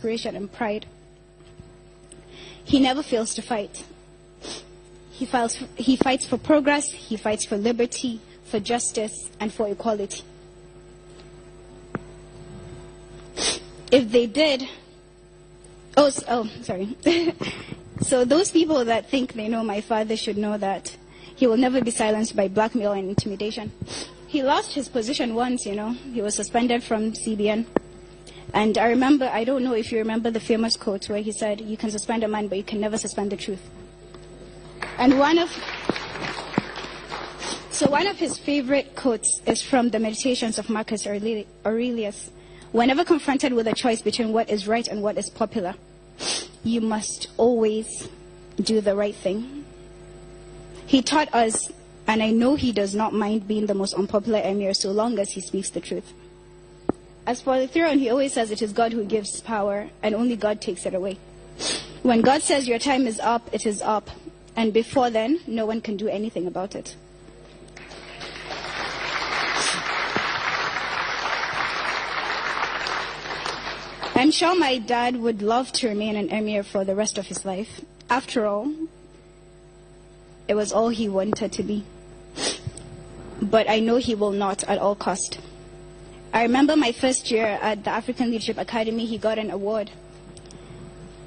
desperation and pride. He never fails to fight. He, files, he fights for progress, he fights for liberty, for justice, and for equality. If they did, oh, oh sorry. so those people that think they know my father should know that he will never be silenced by blackmail and intimidation. He lost his position once, you know. He was suspended from CBN and I remember, I don't know if you remember the famous quote where he said, You can suspend a man, but you can never suspend the truth. And one of. So one of his favorite quotes is from the Meditations of Marcus Aurelius. Whenever confronted with a choice between what is right and what is popular, you must always do the right thing. He taught us, and I know he does not mind being the most unpopular emir so long as he speaks the truth. As for the throne, he always says it is God who gives power, and only God takes it away. When God says your time is up, it is up. And before then, no one can do anything about it. I'm sure my dad would love to remain an emir for the rest of his life. After all, it was all he wanted to be. But I know he will not at all cost. I remember my first year at the African Leadership Academy, he got an award.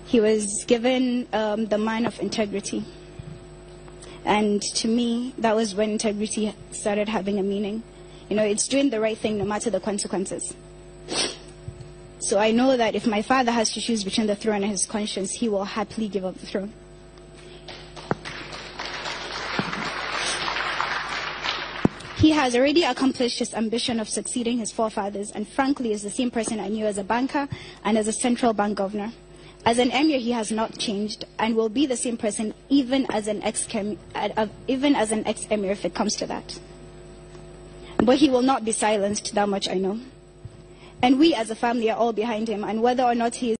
He was given um, the Man of Integrity. And to me, that was when integrity started having a meaning. You know, it's doing the right thing no matter the consequences. So I know that if my father has to choose between the throne and his conscience, he will happily give up the throne. He has already accomplished his ambition of succeeding his forefathers and frankly is the same person I knew as a banker and as a central bank governor. As an emir, he has not changed and will be the same person even as an ex-emir uh, uh, if it comes to that. But he will not be silenced, that much I know. And we as a family are all behind him and whether or not he is